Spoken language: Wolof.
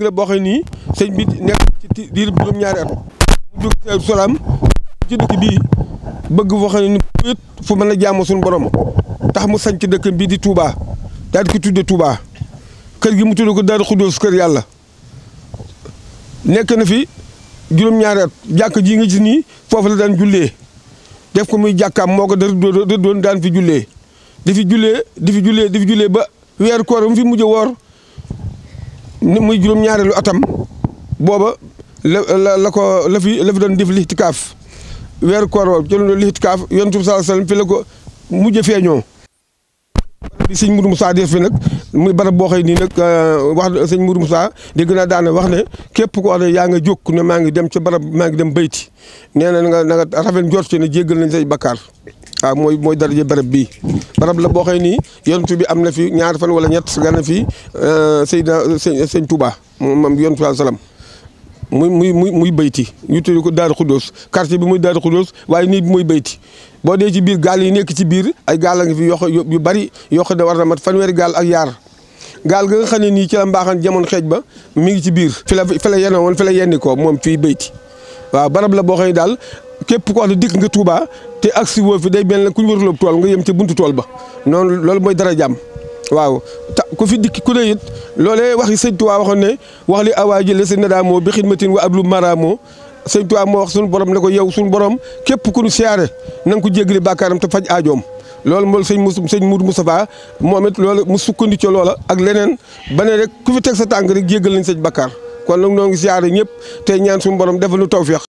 la boo xam nii sëñ bi nekk ci diir juróom-ñaari at mu jóg Daaru Salaam ci dëkk bii bëgg foo xam ne fu mën a jàmm suñu borom tax mu sañ ci dëkk bii di Touba daal di ko tudde kër gi mu tudde ko Daaru Xuddoos kër yàlla nekk na fi juróom-ñaari at jàkk ji nga gis ni foofu la daan jullee def ko muy jàkkam moo ko rëddoon daan fi jullee di fi jullee di fi jullee di fi jullee ba weer koor mu fi mujj woor muy juróom-ñaareelu atam booba la la ko lafi fi la fi doon def lixtikaaf weeru koor wa ci doon lixtikaaf yonent bi sallallahu alayhi wasallam fi la ko mujj feeñoo bi sëñ Mourou saa def fi nag muy barab boo xëy nii nag euh, wax sëñ saa di dégg naa daana wax ne képp ko wax ne yaa nga jóg ne maa ngi dem ci barab maa ngi dem bayti nee na nga na nga rafet njort ne jéggal nañ say bakkaar waaw ah, mooy mooy daraje barab bii barab la boo xëy nii yonent bi am na fi ñaar fan wala ñett gana fi euh, Seydina sëñ sëñ Touba moom yonent bi salaam muy muy muy muy bayti ñu tudd ko Daaru Xuddoos quartier bi muy Daaru Xuddoos waaye nii bi muy bayti boo dee ci biir gaal yi nekk ci biir ay gaal a ngi fi yoo yu bari yoo xam ne war na mat fanweeri gaal ak yaar gaal ga nga nii ci la mbaaxan xeej ba mi ngi ci biir fi la fi la yenoo woon fi la yenni ko moom waaw barab la boo xam ne daal képp ko wax ne dikk nga Touba te agsi woo fi day mel ne ku ñu wëruloo tool nga yem ci buntu tool ba noonu loolu mooy dara jàmm waaw ta ku fi dikk ku ne it loolee waxi sëñ Touba waxoon ne wax li awaa jële si moo bi xidmatin wa ablu maraamoo sëñ Touba moo wax suñu borom ne ko yow suñu borom képp ku ñu siyaare na nga ko jéggale bàkkaaram te faj aajoom loolu mooy sëñ Moussa mu Mourou Moustapha moom it loolu mu sukkandiku ca loola ak leneen ba ne rek ku fi teg sa tànk rek jéggal nañ sëñ bakkaar kon nag ñoo ngi siyaare ñëpp te ñaan suñu borom defal ñu tawféex